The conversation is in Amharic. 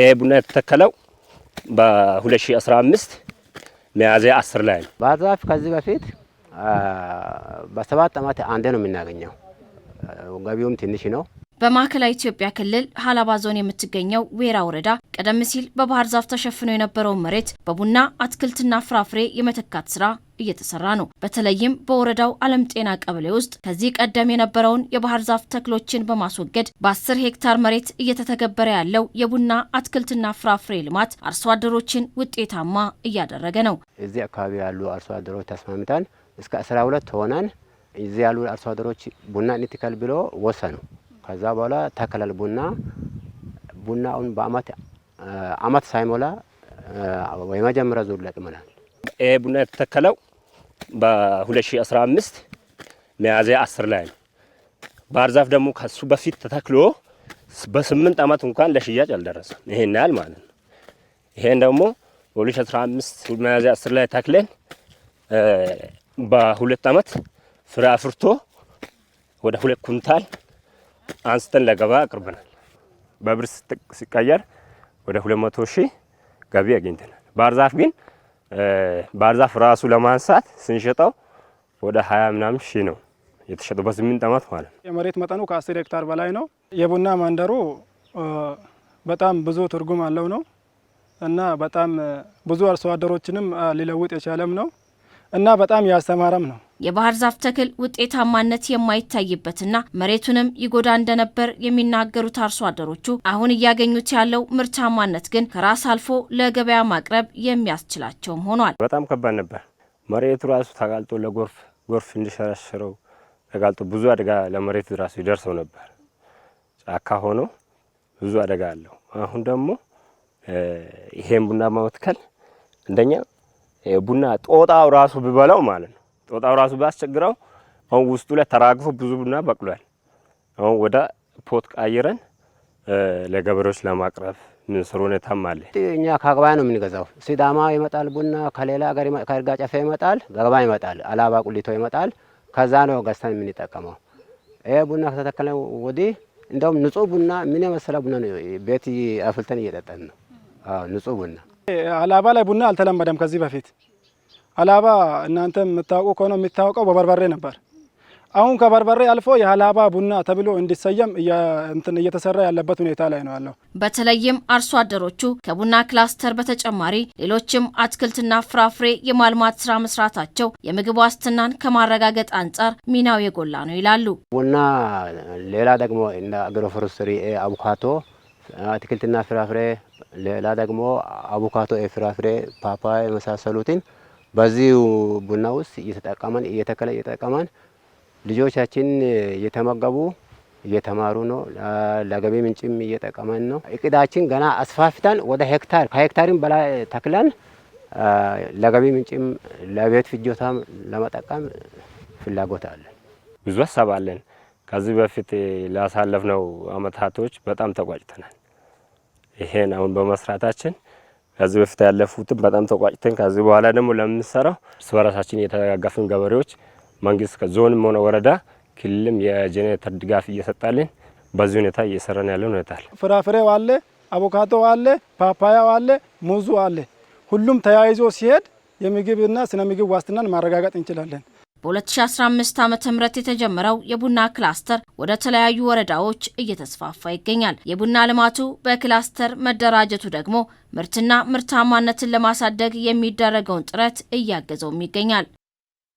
ይሄ ቡና የተተከለው በ2015 ሚያዝያ 10 ላይ ነው። ባህር ዛፍ ከዚህ በፊት በሰባት ዓመት አንዴ ነው የምናገኘው። ገቢውም ትንሽ ነው። በማዕከላዊ ኢትዮጵያ ክልል ሀላባ ዞን የምትገኘው ዌራ ወረዳ ቀደም ሲል በባህር ዛፍ ተሸፍኖ የነበረውን መሬት በቡና አትክልትና ፍራፍሬ የመተካት ስራ እየተሰራ ነው። በተለይም በወረዳው ዓለም ጤና ቀበሌ ውስጥ ከዚህ ቀደም የነበረውን የባህር ዛፍ ተክሎችን በማስወገድ በ10 ሄክታር መሬት እየተተገበረ ያለው የቡና አትክልትና ፍራፍሬ ልማት አርሶ አደሮችን ውጤታማ እያደረገ ነው። እዚህ አካባቢ ያሉ አርሶ አደሮች ተስማምተን እስከ 12 ሆነን እዚህ ያሉ አርሶ አደሮች ቡና እንትከል ብሎ ወሰኑ። ከዛ በኋላ ተከለል ቡና ቡና አሁን በአመት አመት ሳይሞላ መጀመሪያ ዙር ለቅመናል። ይሄ ቡና የተተከለው በ2015 ሚያዝያ 10 ላይ ነው። ባህር ዛፍ ደግሞ ከሱ በፊት ተተክሎ በስምንት አመት እንኳን ለሽያጭ አልደረሰም። ይሄን ያህል ማለት ነው። ይሄን ደግሞ በ2015 ሚያዝያ 10 ላይ ተክለን በሁለት አመት ፍሬ አፍርቶ ወደ ሁለት ኩንታል አንስተን ለገበያ አቅርበናል። በብር ሲቀየር ወደ 200 ሺህ ገቢ አግኝተናል። ባህር ዛፍ ግን ባህር ዛፍ ራሱ ለማንሳት ስንሸጠው ወደ 20 ምናምን ሺህ ነው የተሸጠው በስምንት ዓመት ማለት ነው። የመሬት መጠኑ ከ10 ሄክታር በላይ ነው። የቡና ማንደሩ በጣም ብዙ ትርጉም አለው ነው እና በጣም ብዙ አርሶ አደሮችንም ሊለውጥ የቻለም ነው። እና በጣም ያስተማረም ነው። የባህር ዛፍ ተክል ውጤታማነት የማይታይበትና መሬቱንም ይጎዳ እንደነበር የሚናገሩት አርሶ አደሮቹ አሁን እያገኙት ያለው ምርታማነት ግን ከራስ አልፎ ለገበያ ማቅረብ የሚያስችላቸውም ሆኗል። በጣም ከባድ ነበር። መሬቱ ራሱ ተጋልጦ ለጎርፍ ጎርፍ እንዲሸረሽረው ተጋልጦ ብዙ አደጋ ለመሬቱ ራሱ ይደርሰው ነበር። ጫካ ሆኖ ብዙ አደጋ አለው። አሁን ደግሞ ይሄን ቡና መትከል አንደኛ ቡና ጦጣው ራሱ ቢበላው ማለት ነው። ጦጣው ራሱ ቢያስቸግረው አሁን ውስጡ ላይ ተራግፎ ብዙ ቡና በቅሏል። አሁን ወደ ፖት ቀይረን ለገበሬዎች ለማቅረብ ምንስር ሁኔታም አለ። እኛ ከአግባ ነው የምንገዛው። ሲዳማ ይመጣል ቡና ከሌላ ሀገር ከእርጋ ጨፌ ይመጣል፣ አግባ ይመጣል፣ አላባ ቁሊቶ ይመጣል። ከዛ ነው ገዝተን የምንጠቀመው። ይሄ ቡና ከተተከለ ወዲህ እንደውም ንጹህ ቡና ምን የመሰለ ቡና ቤት አፍልተን እየጠጠን ነው። ንጹህ ቡና አላባ ላይ ቡና አልተለመደም ከዚህ በፊት አላባ እናንተ የምታውቁ ከሆነ የሚታወቀው በበርበሬ ነበር። አሁን ከበርበሬ አልፎ የአላባ ቡና ተብሎ እንዲሰየም እንትን እየተሰራ ያለበት ሁኔታ ላይ ነው ያለው። በተለይም አርሶ አደሮቹ ከቡና ክላስተር በተጨማሪ ሌሎችም አትክልትና ፍራፍሬ የማልማት ስራ መስራታቸው የምግብ ዋስትናን ከማረጋገጥ አንጻር ሚናው የጎላ ነው ይላሉ። ቡና ሌላ ደግሞ እንደ አግሮፎረስትሪ አቮካዶ፣ አትክልትና ፍራፍሬ ሌላ ደግሞ አቮካዶ፣ የፍራፍሬ ፓፓያ የመሳሰሉትን በዚህ ቡና ውስጥ እየተጠቀመን እየተከለ እየተጠቀመን ልጆቻችን እየተመገቡ እየተማሩ ነው። ለገቢ ምንጭም እየጠቀመን ነው። እቅዳችን ገና አስፋፍተን ወደ ሄክታር ከሄክታርም በላይ ተክለን ለገቢ ምንጭም ለቤት ፍጆታም ለመጠቀም ፍላጎት አለን። ብዙ ሀሳብ አለን። ከዚህ በፊት ላሳለፍነው አመታቶች በጣም ተቋጭተናል። ይሄን አሁን በመስራታችን ከዚህ በፊት ያለፉትን በጣም ተቋጭተን ከዚህ በኋላ ደግሞ ለምንሰራው እርስ በራሳችን የተጋጋፍን ገበሬዎች መንግስት ከዞንም ሆነ ወረዳ ክልልም የጄኔሬተር ድጋፍ እየሰጣልን በዚህ ሁኔታ እየሰራን ያለን ሁኔታል። ፍራፍሬው አለ፣ አቮካዶ አለ፣ ፓፓያው አለ፣ ሙዙ አለ። ሁሉም ተያይዞ ሲሄድ የምግብና ስነ ምግብ ዋስትናን ማረጋገጥ እንችላለን። በ2015 ዓ ም የተጀመረው የቡና ክላስተር ወደ ተለያዩ ወረዳዎች እየተስፋፋ ይገኛል። የቡና ልማቱ በክላስተር መደራጀቱ ደግሞ ምርትና ምርታማነትን ለማሳደግ የሚደረገውን ጥረት እያገዘውም ይገኛል።